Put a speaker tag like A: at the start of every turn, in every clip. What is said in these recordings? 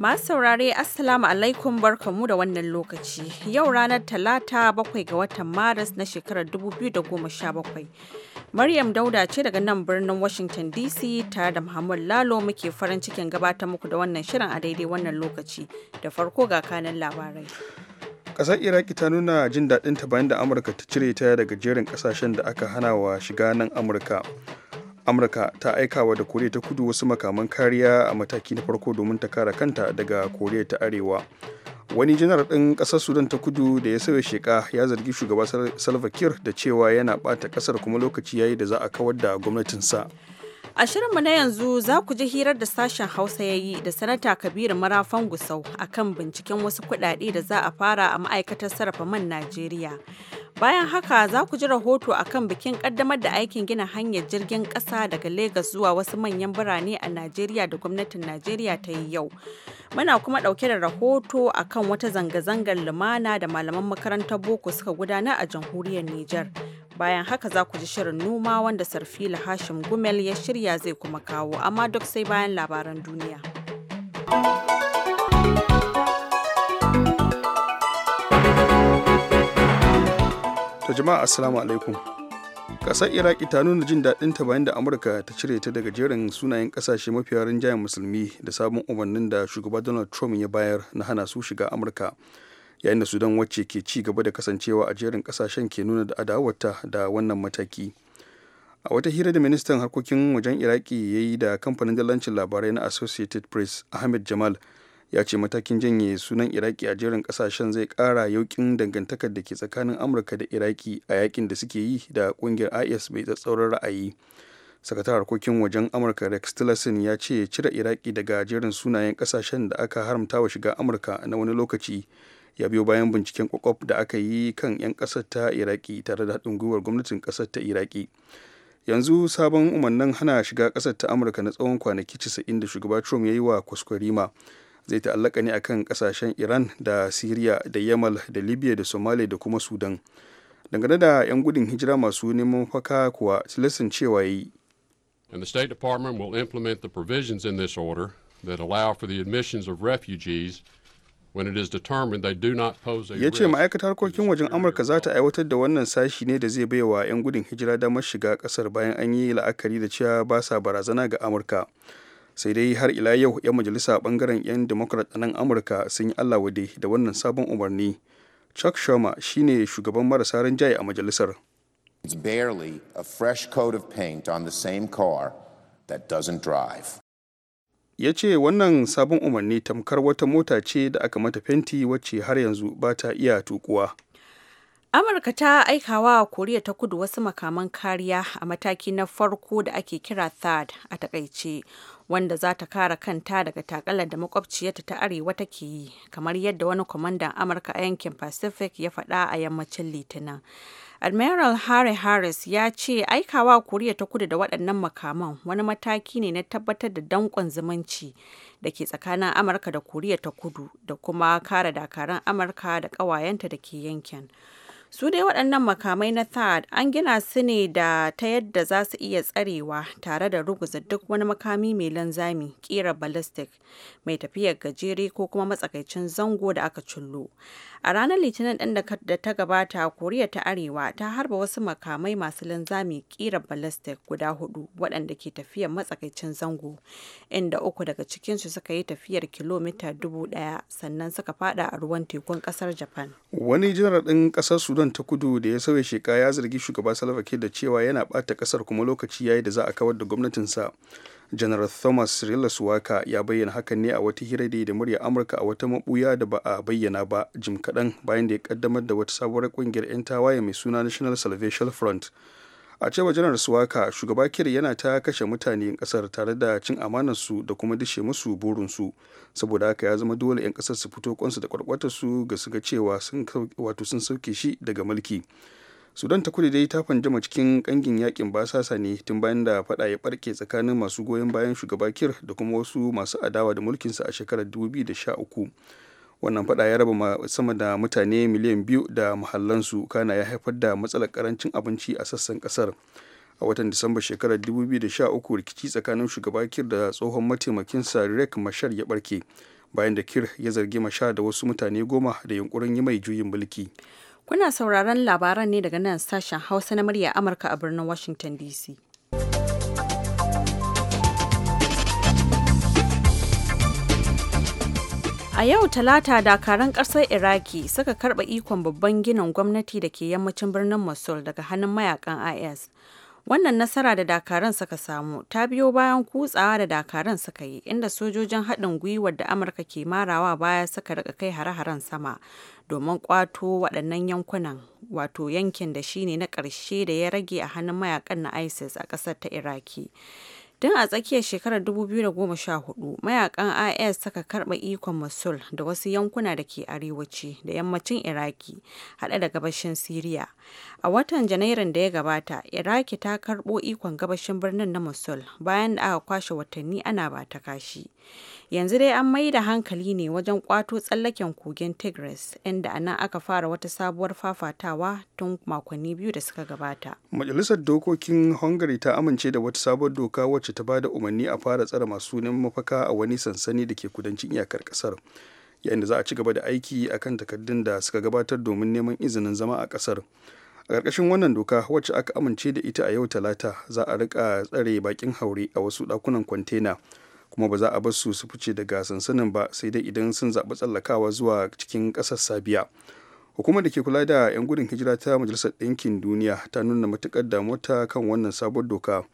A: Masu saurare Assalamu alaikum barkamu da wannan lokaci. Yau ranar Talata bakwai ga watan Maris na shekarar 2017. Maryam Dauda ce daga nan birnin Washington DC tare da Muhammad Lalo muke farin cikin gabatar muku da wannan shirin a daidai wannan lokaci. Da farko ga kanan labarai.
B: Ƙasar Iraki ta nuna jin daɗin ta bayan da Amurka ta cire ta daga jerin ƙasashen da aka hana wa shiga nan Amurka. amurka ta aikawa da koriya ta kudu wasu makaman kariya a mataki na farko domin ta kare kanta daga koriya ta arewa wani janar ɗin ƙasar sudan ta kudu da ya sauya sheka ya zargi shugaba salva kiir da cewa yana ɓata ƙasar kuma lokaci yayi da za a kawar da gwamnatinsa
A: a shirinmu na yanzu za ku ji hirar da sashen hausa ya yi da sanata kabiru marafan gusau akan binciken wasu kuɗaɗe da za a fara a ma'aikatar sarrafa man najeriya Bayan haka za ku ji rahoto a kan bikin ƙaddamar da aikin gina hanyar jirgin ƙasa daga Lagos zuwa wasu manyan birane a Najeriya da gwamnatin Najeriya ta yi yau. Muna kuma ɗauke da rahoto a kan wata zanga-zangar lumana da malaman makarantar boko suka gudana a jamhuriyar Nijar. Bayan haka za ku ji shirin noma wanda Sarfila Hashim Gumel ya shirya zai kuma kawo, amma duk sai bayan labaran duniya.
B: To jama'a assalamu alaikum. Kasar Iraki ta nuna jin daɗin ta bayan da Amurka ta cire ta daga jerin sunayen ƙasashe mafiya rinjayen musulmi da sabon umarnin da shugaba Donald Trump ya bayar na hana su shiga Amurka. Yayin da Sudan wacce ke ci gaba da kasancewa a jerin ƙasashen ke nuna da adawarta da wannan mataki. a wata hira da ministan harkokin wajen iraki ya yi da kamfanin dalancin labarai na associated press ahmed jamal ya ce matakin janye sunan iraki a jerin kasashen zai kara yaukin dangantakar da ke tsakanin amurka da iraki a yakin da suke yi da kungiyar is bai tsatsauran ra'ayi sakatar harkokin wajen amurka rex tillerson ya ce cire iraki daga jerin sunayen kasashen da aka haramta wa shiga amurka na wani lokaci ya biyo bayan binciken kwakwaf da aka yi kan 'yan kasar ta iraki tare da haɗin gwiwar gwamnatin kasar ta iraki yanzu sabon umarnin hana shiga kasar ta amurka na tsawon kwanaki 90 da shugaba trump ya yi wa kwaskwarima zai ta'allaka ne akan kasashen iran da syria da yamal da libya da somalia da kuma sudan dangane da 'yan gudun hijira masu neman faka kuwa
C: tilastin cewa yi and the state department will implement the provisions in this order that allow for the admissions of refugees ya ce
B: ma'aikatar harkokin wajen amurka za ta aiwatar da wannan sashi ne da zai bai wa 'yan gudun hijira damar shiga kasar bayan an yi la'akari da cewa ba sa barazana ga amurka sai dai har ila yau 'yan majalisa bangaren 'yan democrat a nan amurka sun yi allah wade da wannan sabon umarni chuck schumer shine shugaban marasa rinjaye a majalisar
C: It's barely a fresh
B: coat of paint on the same car that doesn't drive. Ya ce wannan sabon umarni tamkar wata mota ce da aka mata fenti wacce har yanzu ba ta iya tukuwa.
A: Amurka ta aikawa wa Koriya ta Kudu wasu makaman kariya a mataki na farko da ake kira THAAD a takaice, wanda za ta kare kanta daga takalar da makwabciyarta ta Arewa take yi, kamar yadda wani kwamandan Amurka a yankin Pacific ya faɗa a yammacin Litinin. Admiral Harry Harris ya ce aikawa Koriya ta Kudu da waɗannan makaman wani mataki ne na tabbatar da danƙon zumunci da ke tsakanin Amurka da Koriya ta Kudu da kuma kare dakaran Amurka da ƙawayenta da ke yankin. su dai waɗannan makamai na thad an gina su ne da ta yadda za su iya tsarewa tare da ruguza duk wani makami mai linzami kira ballistic mai tafiyar gajere ko kuma matsakaicin zango da aka cullo a ranar litinin ɗin da ta gabata koriya ta arewa ta harba wasu makamai masu linzami kira ballistic guda hudu waɗanda ke tafiyar matsakaicin zango inda uku daga cikinsu suka yi tafiyar kilomita dubu ɗaya sannan suka fada a ruwan tekun ƙasar japan
B: wani jiran ɗin ƙasar sudan sudan ta kudu da ya sauya sheka ya zargi shugaba salva da cewa yana bata kasar kuma lokaci yayi da za a kawar da gwamnatinsa general thomas rila waka ya bayyana hakan ne a wata hira da murya amurka a wata mabuya da ba a bayyana ba jim kaɗan bayan da ya kaddamar da wata sabuwar ƙungiyar 'yan tawaye mai suna national salvation front a cewar janar suwaka shugaba kir yana ta kashe mutane 'yan kasar tare da cin amanar su da kuma dishe musu su saboda haka ya zama dole 'yan kasar su fito kwansu da kwarkwatarsu ga su ga cewa wato sun sauke shi daga mulki sudan ta kudu dai ta fanjama cikin kangin yakin basasa ne tun bayan da fada ya barke tsakanin masu goyon bayan shugaba kir da kuma wasu masu adawa da mulkinsa a shekarar 2013 wannan fada ya raba sama da mutane miliyan biyu da muhallansu kana ya haifar da matsalar karancin abinci a sassan kasar a watan disamba shekarar 2013 rikici tsakanin shugaba kir da tsohon mataimakinsa rek mashar ya barke bayan da kir ya zargi mashar da wasu mutane goma da yunkurin yi mai juyin mulki
A: kuna sauraron labaran ne daga nan sashen hausa na murya amurka a birnin washington dc A yau Talata dakaran ƙasar Iraki suka karɓa ikon babban ginin gwamnati da ke yammacin birnin Mosul daga hannun mayakan IS. Wannan nasara da dakaran suka samu ta biyo bayan kutsawa da dakaran suka yi inda sojojin haɗin gwiwar da Amurka ke marawa baya suka riƙa kai hare-haren sama domin ƙwato waɗannan yankunan wato yankin da shine na ƙarshe da ya rage a hannun mayakan na ISIS a ƙasar ta Iraki. don a tsakiyar shekarar 2014, mayakan IS suka karba ikon Mosul da wasu yankuna da ke arewaci da yammacin Iraki haɗe da gabashin Syria, A watan Janairun da ya gabata, Iraki ta karɓo ikon gabashin birnin na Mosul bayan da aka kwashe watanni ana ba ta kashi. Yanzu dai an mai da hankali ne wajen kwato tsallaken kogin Tigris, inda anan aka fara wata sabuwar fafatawa tun makonni biyu da suka gabata.
B: Majalisar Dokokin Hungary ta amince da wata sabuwar doka wacce wacce ta bada umarni a fara tsare masu neman mafaka a wani sansani da ke kudancin iyakar kasar yayin da za a ci gaba da aiki akan takardun da suka gabatar domin neman izinin zama a kasar a ƙarƙashin wannan doka wacce aka amince da ita a yau talata za a rika tsare bakin haure a wasu ɗakunan kwantena kuma ba za a bar su su fice daga sansanin ba sai dai idan sun zaɓi tsallakawa zuwa cikin ƙasar sabiya hukumar da ke kula da 'yan gudun hijira ta majalisar ɗinkin duniya ta nuna matuƙar damuwa kan wannan sabon doka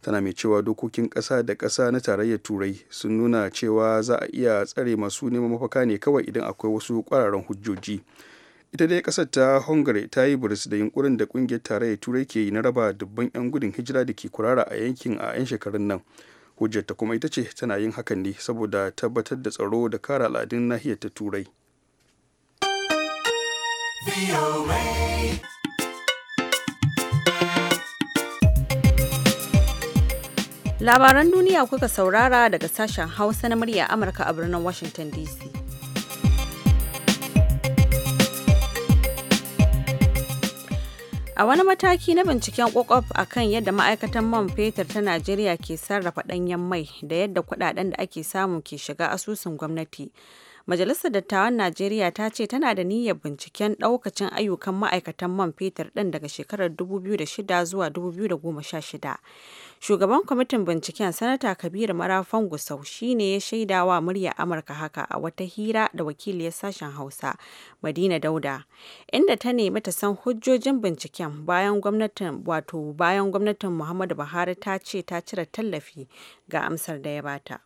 B: tana mai cewa dokokin ƙasa da ƙasa na tarayyar turai sun nuna cewa za a iya tsare masu neman mafaka ne kawai idan akwai wasu ƙwararan hujjoji ita dai ƙasar ta hungary ta yi buris da yunkurin da ƙungiyar tarayyar turai ke yi na raba dubban 'yan gudun hijira da ke kurara a yankin a 'yan shekarun nan hujjar kuma ita ce tana yin hakan ne saboda tabbatar da tsaro da kare al'adun nahiyar ta turai
A: Labaran duniya kuka saurara daga sashen Hausa na murya Amurka a birnin Washington DC. A wani mataki na binciken kokof a kan yadda ma'aikatan man fetur ta Najeriya ke sarrafa ɗanyen mai da yadda kuɗaɗen da ake samu ke shiga asusun gwamnati. Majalisar Dattawan Najeriya ta ce tana da niyyar binciken ɗaukacin ayyukan ma'aikatan man fetur ɗin daga shekarar 2006 zuwa 2016. Shugaban kwamitin binciken Sanata Kabiru Marafan Gusau shi ne ya shaida wa murya Amurka haka a wata hira da wakiliyar sashen Hausa Madina Dauda inda ta nemi ta san hujjojin binciken bayan gwamnatin wato bayan gwamnatin Muhammadu Buhari ta ce ta cire tallafi ga amsar da ya bata.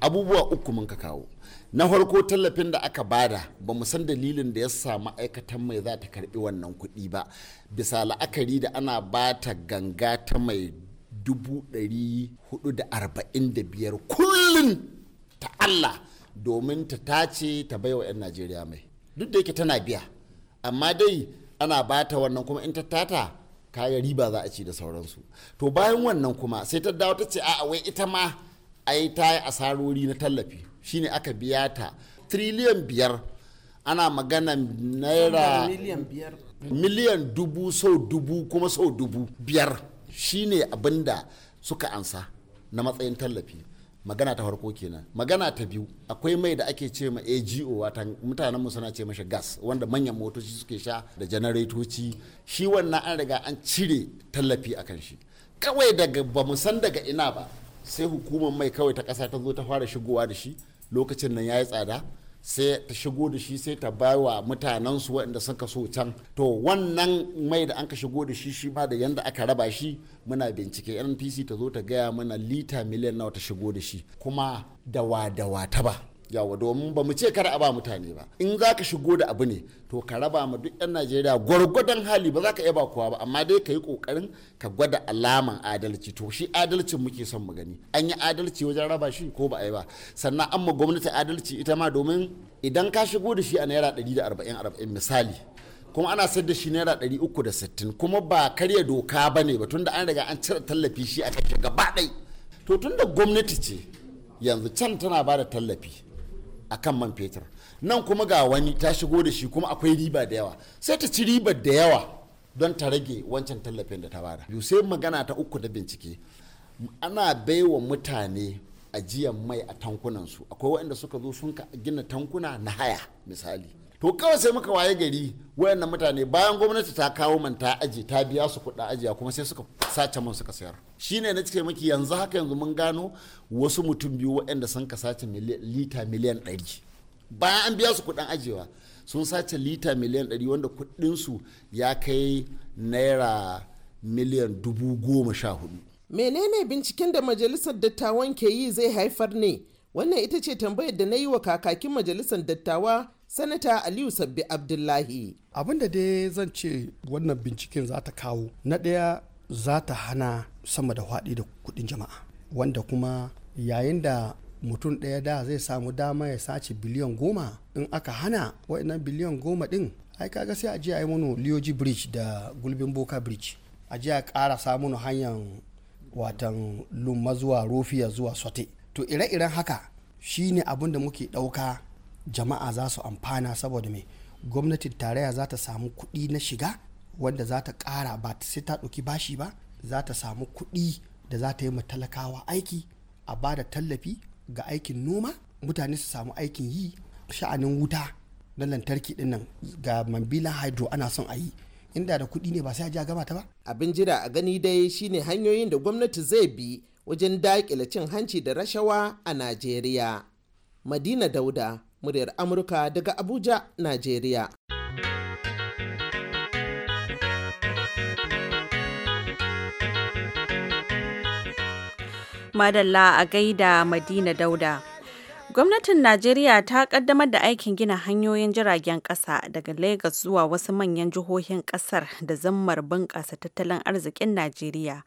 D: abubuwa uku mun ka kawo na farko tallafin da aka bada ba mu san dalilin da ya sa ma'aikatan mai za ta karbi wannan kuɗi ba bisa la'akari da ana ba ta ganga ta mai 445 kullum ta Allah domin ta tace ta bai wa 'yan Najeriya mai duk da yake tana biya amma dai ana bata wannan kuma in ta tata kayan riba za a ci da sauransu to bayan wannan kuma sai ta dawo ta ce a wai ita ma ai ta yi asarori na tallafi shine aka biya ta triliyan biyar ana magana naira miliyan dubu sau dubu kuma sau dubu biyar Shi ne abin da suka ansa na matsayin tallafi magana ta farko kenan magana ta biyu akwai mai da ake ce ma AGO wata mutanenmu suna ce mashi gas wanda manyan motoci suke sha da janaretoci shi wannan an riga an cire tallafi a kan shi kawai daga ba mu san daga ina ba sai hukumar mai kawai ta ƙasa ta zo ta fara shigowa da shi lokacin nan ya yi tsada sai ta shigo da shi sai ta baiwa mutanen su waɗanda suka so can to wannan mai da an ka shigo da shi shi ma da yanda aka raba shi muna bincike npc ta zo ta gaya mana lita miliyan nawa ta shigo da shi kuma dawa dawa ta ba yawa domin ba mu ce kar a ba mutane ba in za ka shigo da abu ne to ka raba ma duk 'yan najeriya gwargwadon hali ba za ka iya ba kowa ba amma dai ka yi kokarin ka gwada alaman adalci to shi adalcin muke son mu gani an yi adalci wajen raba shi ko ba a yi ba sannan an ma gwamnati adalci ita ma domin idan ka shigo da shi a naira 140 misali kuma ana sayar da shi naira 360 kuma ba karya doka ba ne ba tunda an riga an cire tallafi shi a kashe gaba ɗai to tunda gwamnati ce yanzu can tana ba da tallafi a kan man fetur nan kuma ga wani ta shigo da shi kuma akwai riba da yawa sai ta ci ribar da yawa don ta rage wancan tallafin da ta bada sai magana ta uku da bincike ana baiwa mutane ajiyar mai a tankunansu akwai waɗanda suka zo sun gina tankuna na haya misali to kawai sai muka waye gari wayannan mutane bayan gwamnati ta kawo man ta aji ta biya su kuɗa ajiya kuma sai suka sace man suka sayar shine na cike miki yanzu haka yanzu mun gano wasu mutum biyu waɗanda sun ka sace lita miliyan ɗari bayan an biya su kuɗin ajiyewa sun sace lita miliyan ɗari wanda kuɗin su ya kai naira miliyan dubu goma sha hudu
E: menene binciken da majalisar dattawan
D: ke yi zai haifar ne wannan
E: ita ce tambayar da na yi wa kakakin majalisar dattawa sanata aliyu sabbi abdullahi abin da dai zan ce wannan binciken za ta kawo na ɗaya za ta hana sama da faɗi da kuɗin jama'a wanda kuma yayin da mutum ɗaya da zai samu dama ya sace biliyan goma in aka hana waɗannan biliyan goma ɗin ai kaga sai a je a yi mono liyoji bridge da gulbin boka bridge a je a ƙara samun hanyar watan lumma zuwa rofiya zuwa sote to ire-iren haka shine abin da muke ɗauka jama'a za su amfana saboda mai gwamnatin tarayya za ta samu kuɗi na shiga wanda za ta ƙara ba ta sai ta ɗauki bashi ba za ta samu kuɗi da za ta yi ma talakawa aiki a ba da tallafi ga aikin noma mutane su samu aikin yi sha'anin wuta na lantarki ɗin nan ga mambilan hydro ana son a yi inda da kuɗi ne ba sai a ja gama ta ba abin jira a gani dai shine hanyoyin da gwamnati zai bi wajen daƙile cin hanci da rashawa a najeriya madina dauda muryar amurka daga abuja najeriya
A: madalla a gaida madina dauda Gwamnatin Najeriya ta kaddamar da aikin gina hanyoyin jiragen ƙasa daga lagos zuwa wasu manyan jihohin ƙasar da zammar bunƙasa tattalin arzikin Najeriya.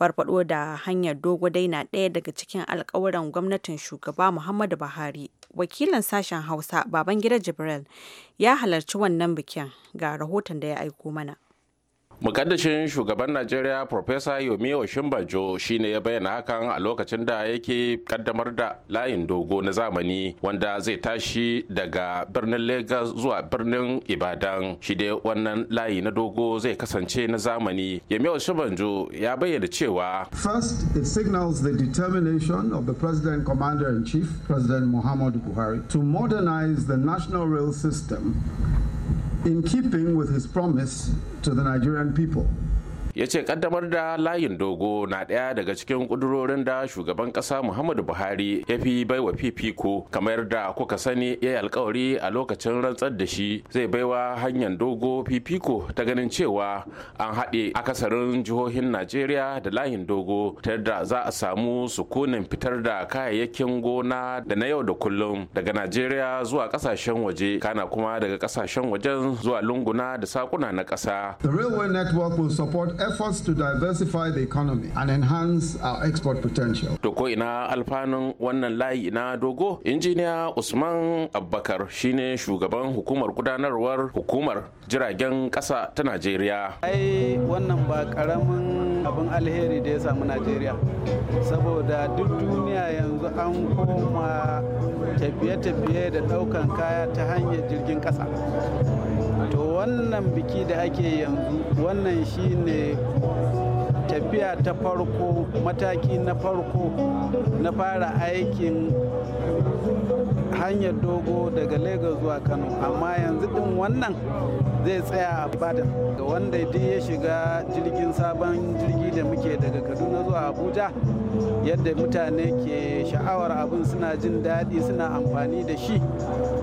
A: Farfado da hanyar dogo dai na ɗaya daga cikin alkawuran gwamnatin shugaba Muhammadu Buhari. Wakilin sashen Hausa, Babangida Jibril, ya halarci wannan bikin. Ga rahoton da ya aiko mana.
C: mukaddashin shugaban najeriya Profesa yomi oshimbajo shine ya bayyana hakan a lokacin da yake kaddamar da layin dogo na zamani wanda zai tashi daga birnin Legas zuwa birnin ibadan shi dai wannan layi na dogo zai kasance na zamani yomi oshimbajo ya bayyana cewa
F: first it signals the determination of the president commander in chief president muhammadu buhari to modernize the national rail system in keeping with his promise to the Nigerian people.
C: ya ce kaddamar da layin dogo na ɗaya daga cikin ƙudurorin da shugaban ƙasa muhammadu buhari ya fi baiwa fifiko kamar da kuka sani ya yi alkawari a lokacin rantsar da shi zai baiwa hanyar dogo fifiko ta ganin cewa an haɗe akasarin jihohin najeriya da layin dogo ta yadda za a samu sukunin fitar da kayayyakin gona da na yau da kullum daga najeriya zuwa ƙasashen waje kana kuma daga ƙasashen wajen zuwa lunguna da sakuna na ƙasa.
F: The network will support efforts to diversify the economy and enhance our export potential.
C: To ko ina alfanun wannan layi na dogo, injiniya Usman Abbakar shine shugaban hukumar gudanarwar hukumar jiragen ƙasa ta Najeriya.
F: Ai wannan ba karamin abin alheri da ya samu Najeriya. Saboda duk duniya yanzu an koma tafiye-tafiye da ɗaukan kaya ta hanyar jirgin ƙasa. to wannan biki da ake yanzu wannan shine tafiya ta farko mataki na farko na fara aikin hanyar dogo daga lagos zuwa kano amma yanzu din wannan zai tsaya a badan da wanda duk ya shiga jirgin sabon jirgi da muke daga kaduna zuwa abuja yadda mutane ke sha'awar abin suna jin daɗi suna amfani da shi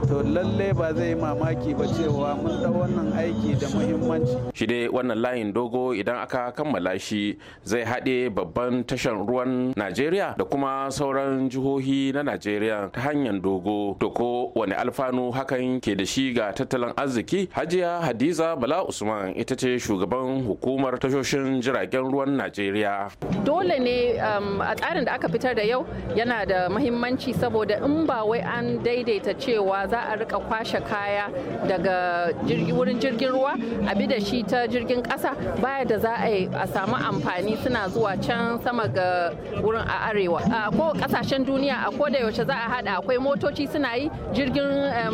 F: to lalle ba zai mamaki ba cewa mun da wannan aiki da muhimmanci
C: shi dai wannan layin dogo idan aka kammala shi zai haɗe babban tashar ruwan najeriya da kuma sauran jihohi na najeriya ta hanyar dogo to ko wani alfanu hakan ke da shi ga tattalin arziki hajiya hadiza bala usman ita ce shugaban hukumar tashoshin jiragen ruwan najeriya
A: dole ne um, a tsarin da aka fitar da yau yana da mahimmanci saboda in ba wai an daidaita cewa za a rika kwashe kaya daga wurin jirgin ruwa a bi da shi ta jirgin kasa baya da za a samu amfani suna zuwa can sama ga wurin a arewa ko kasashen duniya a koda yaushe za a hada akwai motoci suna yi jirgin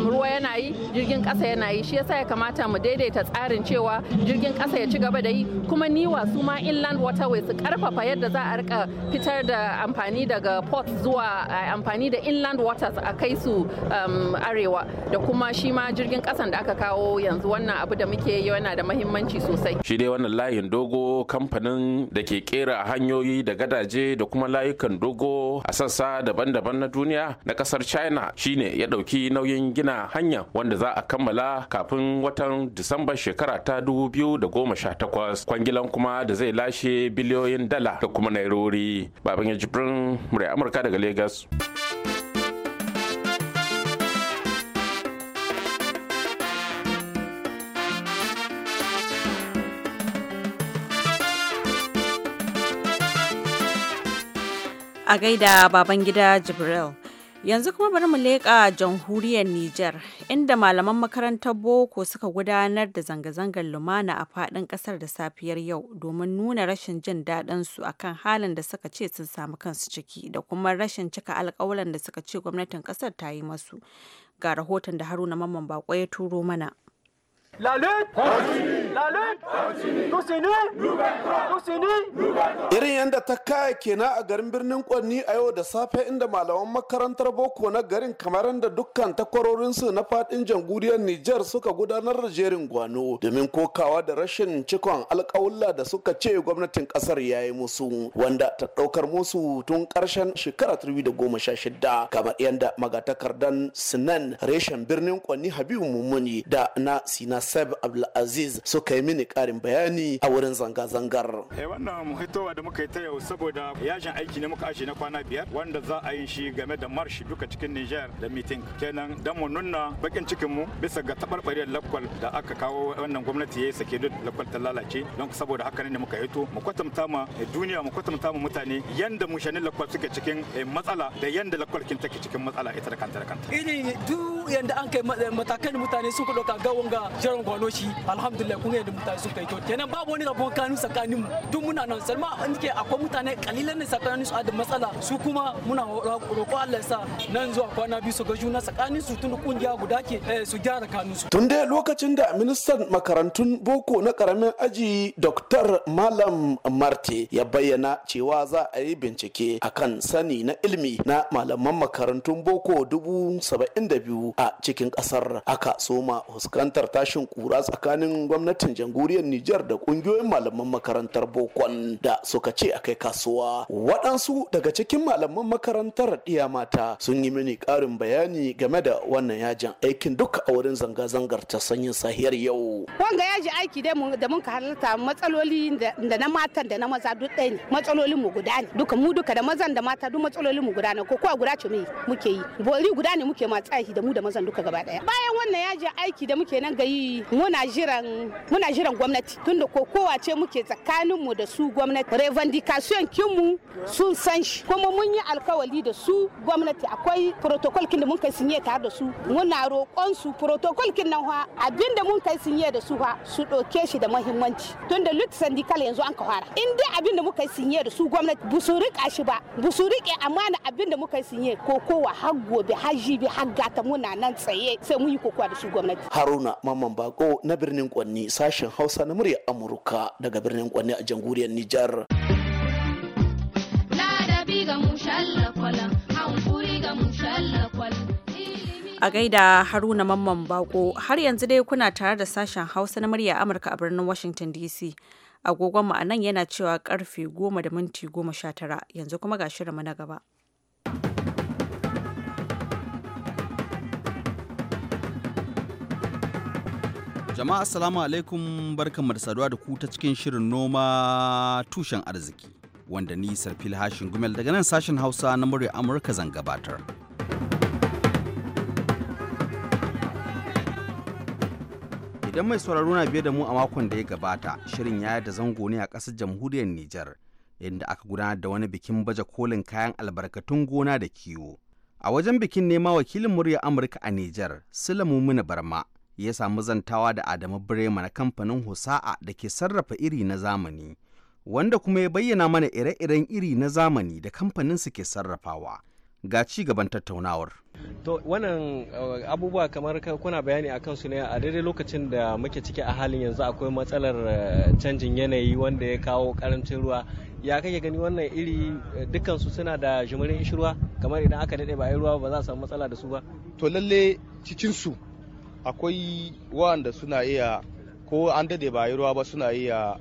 A: ruwa yana yi jirgin ƙasa yana yi shi yasa ya kamata mu daidaita tsarin cewa jirgin ƙasa ya ci gaba da yi kuma niwa su ma inland waterway su karfafa yadda za a rika fitar da amfani daga port zuwa amfani da inland waters a kai su arewa da kuma shi ma jirgin ƙasan da aka kawo yanzu wannan abu da muke yi yana da mahimmanci sosai
C: shi dai wannan layin dogo kamfanin da ke kera hanyoyi da gadaje da kuma layukan dogo a sassa daban-daban na duniya na kasar china shi shine ya ɗauki nauyin gina hanya wanda za a kammala kafin watan disambar shekara ta 2018 kwangilan kuma da zai lashe biliyoyin dala da kuma nairori baban ya jibrin murai amurka daga lagos
A: a gaida baban jibril Yanzu kuma bari mu leƙa jamhuriyar Nijar, inda malaman makarantar boko suka gudanar da zanga-zangar lumana a faɗin ƙasar da safiyar yau domin nuna rashin jin daɗinsu a kan halin da suka ce sun samu kansu ciki da kuma rashin cika alƙawuran da suka ce gwamnatin ƙasar ta yi masu. Ga rahoton da Haruna Mamman Bako ya turo mana. La
F: lutte continue. La lutte continue. Continue. Irin yadda ta kaya kenan a garin birnin Kwanni a yau da safe inda malaman makarantar boko na garin kamar da dukkan takwarorinsu na fadin jamhuriyar Nijar suka gudanar da jerin gwano domin kokawa da rashin cikon alkawulla da suka ce gwamnatin kasar ya yi musu wanda ta daukar musu tun karshen shekara 2016 kamar yadda magatakardan Sinan reshen birnin Kwanni Habibu Mumuni da na Sina Nasab Abdulaziz suka yi mini karin bayani a wurin zanga-zangar.
G: Eh wannan hitowa da muka yi ta yau saboda yajin aiki ne muka ashe na kwana biyar wanda za a yi shi game da marshi duka cikin Niger da meeting. Kenan dan mu nuna bakin cikin mu bisa ga da lakwal da aka kawo wannan gwamnati ya yi sake duk lakwal ta lalace don saboda haka ne muka hito mu kwatanta ma eh, duniya mu kwatanta ma mutane yanda mushanin lakwal suke cikin eh, matsala da yanda lakwal kin take cikin matsala ita da
C: kanta da kanta.
F: Ini duk yanda an kai eh, matakan mutane sun kuɗa ga wanga yin gwano shi alhamdulillah kun yadda mutane su kai to kenan babu wani rabon kanu tsakanin mu duk muna nan salma an ke akwai mutane kalilan ne tsakanin su da matsala su kuma muna roƙo Allah ya sa nan zuwa kwana biyu su ga juna tsakanin su tun kungiya guda ke eh, su gyara kanu su tun dai lokacin da ministan makarantun boko na karamin aji dr malam marte ya bayyana cewa za a yi bincike akan sani na ilimi na malaman makarantun boko dubu saba'in da biyu a cikin kasar aka soma fuskantar tashin kura tsakanin gwamnatin jamhuriyar Nijar da kungiyoyin malaman makarantar Bokon da suka ce a kai kasuwa. Waɗansu daga cikin malaman makarantar ɗiya mata sun yi mini ƙarin bayani game da wannan yajin aikin duka a wurin zanga-zangar ta sanyin sahiyar yau.
A: Wanga yaji aiki dai da mun ka halarta matsaloli da na matan da na maza duk ɗaya ne matsalolin mu guda ne duka mu duka da mazan da mata duk matsalolin mu guda ne ko kowa guda ce muke yi bori guda ne muke ma tsayi da mu da mazan duka gaba ɗaya. Bayan wannan yajin aiki da muke nan gayi muna jiran muna jiran gwamnati tunda kokowa ce muke tsakanin mu da su gwamnati revendication kin mu sun san shi kuma mun yi alkawali da su gwamnati akwai protocol kin da mun kai sinye tare da su muna roƙon su protocol kin nan fa abinda mun kai sinye da su fa su ɗauke shi da muhimmanci tunda lut syndical yanzu an ka fara in dai abinda mun kai sinye da su gwamnati bu su rika shi ba bu su rike amana abinda muka yi sinye kowa har gobe har jibi har gata muna nan tsaye sai mun yi kokowa da su gwamnati
F: haruna mamman ba Bako na birnin Kwanni sashen Hausa na murya Amurka daga birnin Kwanni a jamhuriyar Nijar.
A: A gaida Haruna Mamman Bako har yanzu dai kuna tare da sashen Hausa na murya Amurka a birnin Washington DC. agogonmu a nan yana cewa karfe goma da minti goma sha tara yanzu kuma ga shirinmu na gaba.
E: Jama'a Assalamu alaikum barkanmu da saduwa da ku ta cikin shirin noma tushen arziki wanda ni Sarfil Hashin Gumel daga nan sashen Hausa na murya Amurka zan gabatar. Idan mai sauraro na biye da mu a makon da ya gabata, shirin ya da zango ne a ƙasar jamhuriyar Nijar, inda aka gudanar da wani bikin baje kolin kayan albarkatun gona da kiwo. A wajen bikin nema wakilin murya Amurka a Nijar, sula Muna Barma, ya samu zantawa da Adamu Birema na kamfanin Husa'a da ke sarrafa iri na zamani, wanda kuma ya bayyana mana ire-iren iri na zamani da kamfanin suke sarrafawa. Ga ci gaban tattaunawar.
H: To wannan eh, abubuwa kamar kuna bayani a kansu ne a daidai lokacin da muke ciki a halin yanzu akwai matsalar eh, canjin yanayi wanda ya kawo karancin ruwa ya kake gani wannan iri eh, dukansu suna da jimirin ruwa kamar idan aka daɗe ba ruwa ba za a samu matsala da su ba to lalle cikinsu akwai wa'anda suna iya
G: ko an dade ba yi ruwa ba suna iya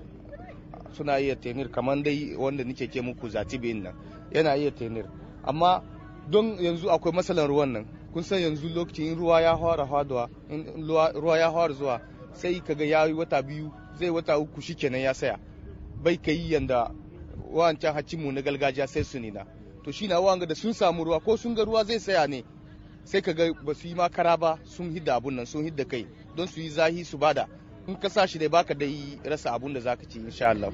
G: suna iya tenir kamar dai wanda nike ke muku bin nan yana iya tenir amma don yanzu akwai matsalar ruwan nan kun san yanzu lokacin ruwa ya fara haduwa in ruwa ya fara zuwa sai kaga ya yi wata biyu zai wata uku shikenan ya saya bai ka yi yanda wancan mu na galgajiya sai su nina to shi na wanga da sun samu ruwa ko sun ga ruwa zai saya ne sai ka ga ba su yi makara ba sun hidda abun nan sun hidda kai don su yi zahi su bada in ka sa shi dai baka dai rasa abun da zaka ci insha Allah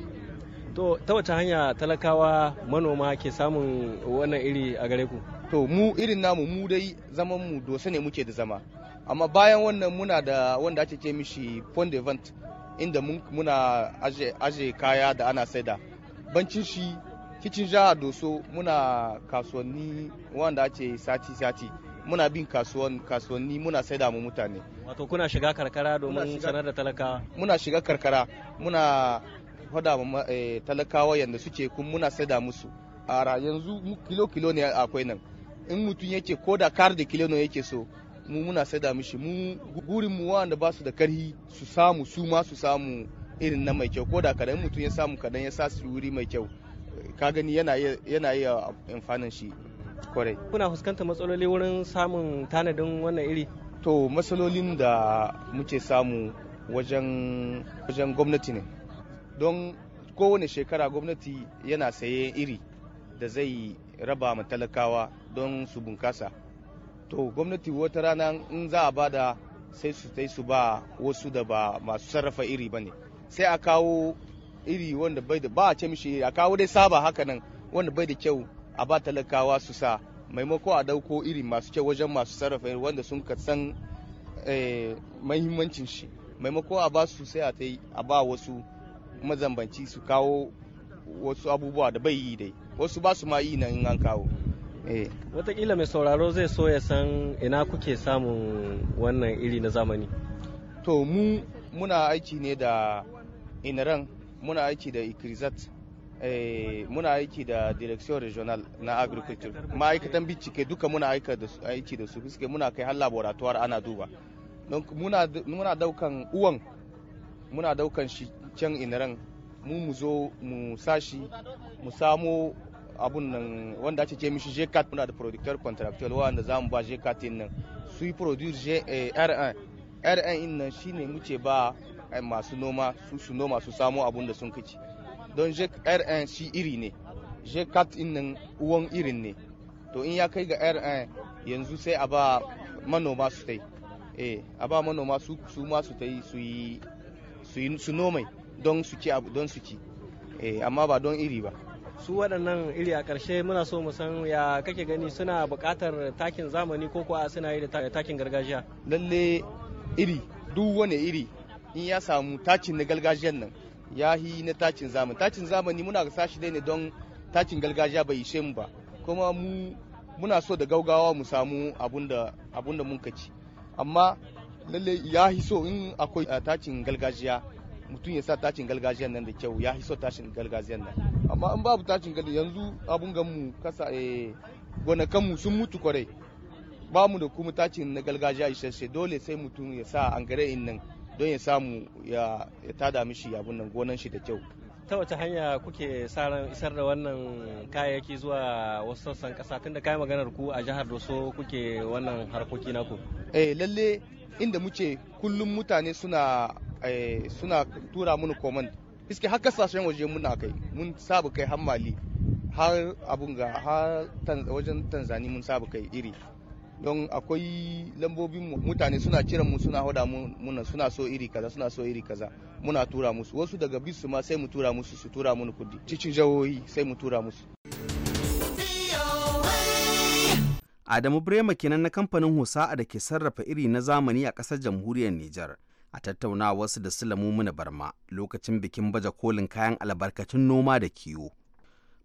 H: to ta wata hanya talakawa manoma ke samun wannan iri a gare ku to mu irin namu mu dai
G: zaman mu dosa ne muke da zama amma bayan wannan muna da wanda ake ce mishi pond event inda muna aje kaya da ana saida bancin shi kicin jaha doso muna kasuwanni wanda ake sati sati muna bin kasuwanni muna sai mu mutane
H: wato kuna shiga karkara domin sanar da talakawa
G: muna shiga karkara muna hada ma eh, talakawa yanda suke kun muna saida musu a yanzu kilo kilo ne akwai nan in mutum yake ko da kar da kilo ne yake so mu muna da mishi mu gurin mu wanda ba su da karhi su samu su ma su samu irin na mai kyau ko da kadan mutum ya samu kadan ya sa su wuri mai kyau ka gani yana iya amfanin shi kwarai kuna fuskantar matsaloli wurin samun tanadin wannan iri to matsalolin da muke samu wajen gwamnati ne don kowane shekara gwamnati yana saye iri da zai raba ma talakawa don su bunkasa to gwamnati wata rana in za a bada sai su tai su ba wasu da ba masu sarrafa iri ba ne sai a kawo iri wanda bai da ba a ce mishi a kawo dai saba haka nan wanda bai da kyau a ba talakawa su sa maimako a dauko iri masu kyau wajen masu sarrafa wanda sun ka san eh, mahimmancin shi maimako a ba su sai a ta a ba wasu mazambanci su kawo wasu abubuwa da bai yi dai wasu ba su ma yi nan an kawo
H: eh. watakila mai sauraro zai so ya san ina kuke samun wannan iri na zamani to mu muna
G: aiki ne da inaran muna aiki da ikrizat Eh, muna aiki da direction regional na agriculture ma'aikatan bincike duka muna aiki da su suke muna kai har laboratoire ana duba muna daukan uwan muna daukan shi can inaran mu mu zo mu sashi mu samo abun nan wanda ake ce mishi jcat muna da producteur contractual wanda za mu ba jcat din nan su yi produce r1 eh, r1 din nan shine muke ba eh, masu noma su su noma su samo abun da sun kici don r1 shi iri ne je 4 nan uwan irin ne to in ya kai ga r1 yanzu sai a ba manoma su ta yi eh a ba manoma su ma su ta yi su nomai don su ci don su ci eh amma ba don iri ba
H: su waɗannan iri a ƙarshe muna so mu san ya kake gani suna buƙatar takin zamani ko kuwa suna yi da takin gargajiya lalle iri duk wani iri in ya
G: samu takin na gargajiyan nan ya yi na tacin zamani tacin zamani muna ga sashi dai ne don tacin gargajiya bai ishe mu ba kuma mu muna so da gaugawa mu samu abun da mun ci amma lalle ya yi so in akwai eh, tacin gargajiya mutum ya sa tacin galgajiya nan da kyau ya so tacin galgajiya nan amma in babu tacin gargajiya yanzu abun gan mu kasa eh gonakan sun mutu kwarai ba mu da kuma tacin na gargajiya isasshe dole sai mutum ya sa an gare in nan don ya samu ya tada mishi abun nan gonan shi da kyau
H: ta wace hanya kuke ran isar da wannan kayayyaki zuwa wasu sassan kasa tunda kai maganar ku a jihar Doso kuke wannan harkoki naku
G: eh lalle inda muke kullum mutane suna eh, suna tura mun command iske har kasashen waje muna kai mun saba kai har har abun ga har wajen tanzani mun saba kai iri don akwai lambobin mutane suna kiran mu suna hoda muna suna so iri kaza suna so iri kaza muna tura musu wasu daga bisu ma sai mu tura musu su tura mun kudi cikin jawoyi sai mu tura musu
E: Adamu Brema kenan na kamfanin Husa'a da ke sarrafa iri na zamani a ƙasar jamhuriyar Nijar. A tattauna wasu da Sulamu Muna Barma lokacin bikin baje kolin kayan albarkatun noma da kiwo.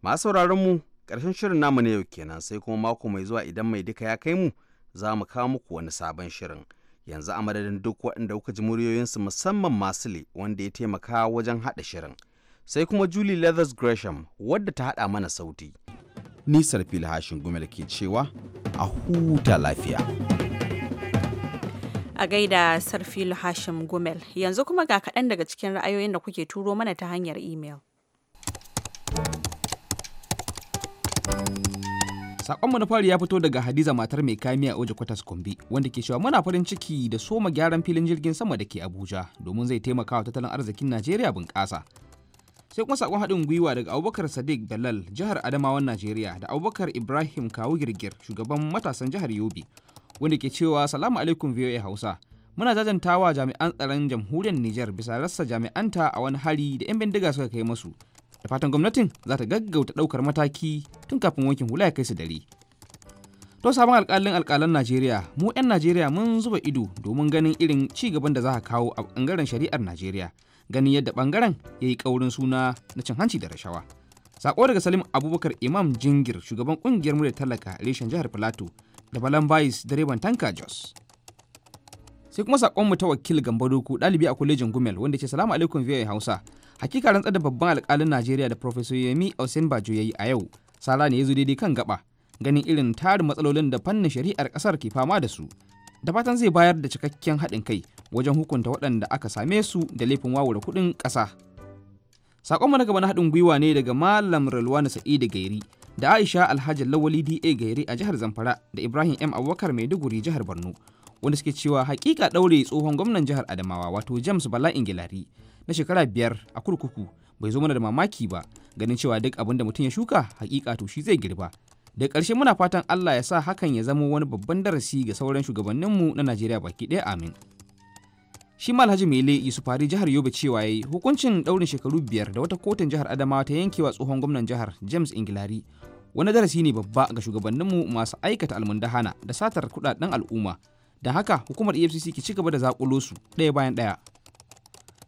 E: Masu sauraron mu ƙarshen shirin namu na yau kenan sai kuma mako mai zuwa idan mai duka ya kai mu za mu kawo muku wani sabon shirin yanzu a madadin duk waɗanda kuka ji muryoyinsu musamman le wanda ya taimaka wajen haɗa shirin sai kuma julie leathers gresham wadda ta haɗa mana sauti nisar filhashin gumel ke cewa a
C: huta
E: lafiya
A: a gaida sarfil hashim gumel yanzu kuma ga kaɗan daga cikin ra'ayoyin da kuke turo mana ta hanyar imel.
I: Sakonmu na fari ya fito daga Hadiza matar mai kamiya waje Kwatas Kombi wanda ke cewa muna farin ciki da soma gyaran filin jirgin sama da ke Abuja domin zai taimaka wa tattalin arzikin Najeriya bunƙasa. Sai kuma sakon haɗin gwiwa daga Abubakar Sadiq Dalal jihar Adamawan Najeriya da Abubakar Ibrahim Kawu Girgir shugaban matasan jihar Yobe wanda ke cewa salamu alaikum VOA Hausa. Muna jajantawa jami'an tsaron jamhuriyar Nijar bisa rassa jami'anta a wani hari da 'yan bindiga suka kai masu da fatan gwamnatin za ta gaggauta ɗaukar mataki tun kafin wankin hula ya kai su dare to sabon alƙalin alƙalan najeriya mu 'yan najeriya mun zuba ido domin ganin irin ci gaban da za a kawo a ɓangaren shari'ar najeriya ganin yadda ɓangaren ya yi ƙaurin suna na cin hanci da rashawa Saƙo daga salim abubakar imam jingir shugaban ƙungiyar murya talaka reshen jihar filato da balan bayis direban tanka jos sai kuma sakon mu ta wakil gambadoku ɗalibi a kwalejin gumel wanda ce salamu alaikum viyoyin hausa hakika rantsar da babban alkalin najeriya da professor yemi osin bajo ya yi a yau sala ne ya zo daidai kan gaba ganin irin tarin matsalolin da fannin shari'ar kasar ke fama da su da fatan zai bayar da cikakken haɗin kai wajen hukunta waɗanda aka same su da laifin wawura kuɗin ƙasa sakonmu na gaba na haɗin gwiwa ne daga malam ralwana sa'idu gairi da aisha alhaji lawali da gairi a jihar zamfara da ibrahim m abubakar maiduguri jihar borno wanda suke cewa hakika ɗaure tsohon gwamnan jihar adamawa wato james bala ingilari na shekara biyar a kurkuku bai zo mana da mamaki ba ganin cewa duk abin da mutum ya shuka hakika to shi zai girba da ƙarshe muna fatan Allah ya sa hakan ya zama wani babban darasi ga sauran shugabanninmu na Najeriya baki ɗaya amin. Shi ma Alhaji Mele hari jihar Yobe cewa yayi hukuncin ɗaurin shekaru biyar da wata kotun jihar Adamawa ta yankewa tsohon gwamnan jihar James Ingilari wani darasi ne babba ga shugabanninmu masu aikata almundahana da satar kuɗaɗen al'umma. Da haka hukumar EFCC ki ci gaba da zakulo su ɗaya bayan ɗaya.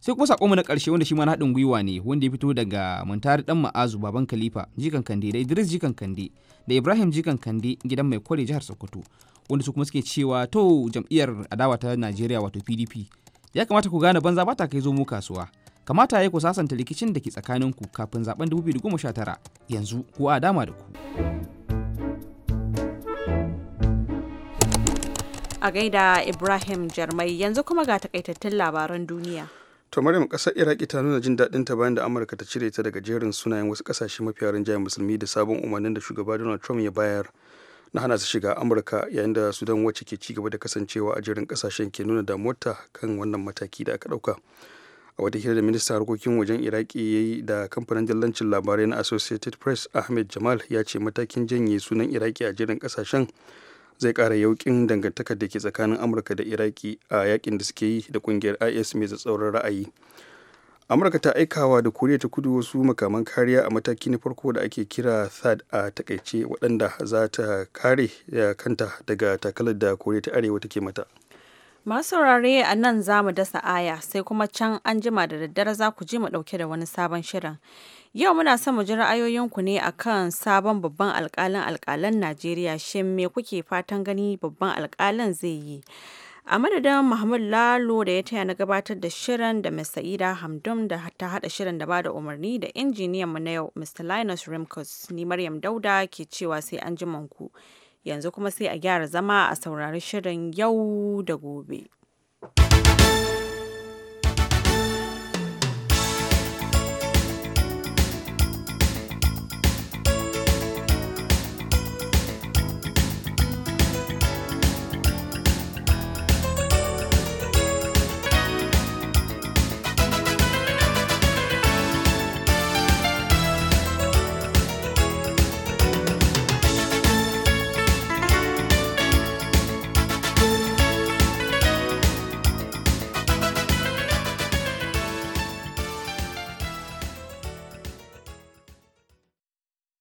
I: sai kuma sakonmu na karshe wanda shi ma haɗin gwiwa ne wanda ya fito daga muntari dan ma'azu baban khalifa jikan kande da idris jikan kande da ibrahim jikan kande gidan mai kware jihar sokoto wanda su kuma suke cewa to jam'iyyar adawa ta najeriya wato pdp ya kamata ku gane banza ba ta kai zo mu kasuwa kamata ya ku sasanta rikicin da ke ku kafin zaben 2019 yanzu ko a dama da ku
A: a gaida ibrahim jarmai yanzu kuma ga takaitattun labaran duniya
I: to
B: maryam kasar iraki ta nuna jin daɗin ta bayan da amurka ta cire ta daga jerin sunayen wasu ƙasashe mafiya rinjayen musulmi da sabon umarnin da shugaba donald trump ya bayar na hana su shiga amurka yayin da sudan wacce ke ci gaba da kasancewa a jerin kasashen ke nuna damuwarta kan wannan mataki da aka ɗauka a wata hira da minista harkokin wajen iraki ya yi da kamfanin jallancin labarai na associated press ahmed jamal ya ce matakin janye sunan iraki a jerin kasashen. zai kara yaukin dangantakar da ke tsakanin amurka da iraki a yakin da suke yi da kungiyar is mai tsatsauran ra'ayi amurka ta aikawa da koriya ta kudu wasu makaman kariya a mataki na farko da ake kira third a takaice waɗanda za ta kare ya eh, kanta daga takalar da koriya ta arewa take mata
A: Masu saurare a nan za mu dasa aya sai kuma can an jima da daddare za ku ji mu ɗauke da wani sabon shirin. Yau muna son mu ji ra'ayoyinku ne akan sabon babban alkalin alkalan Najeriya shin me kuke fatan gani babban alkalin zai yi? A madadin Mahmud Lalo da ya taya na gabatar da shirin da Mr. Sa'ida Hamdum da ta hada shirin da bada umarni da injiniyan mu na yau Mr. Linus Rimkus ni Maryam Dauda ke cewa sai an ji ku. Yanzu kuma sai a gyara zama a saurari shirin yau da gobe.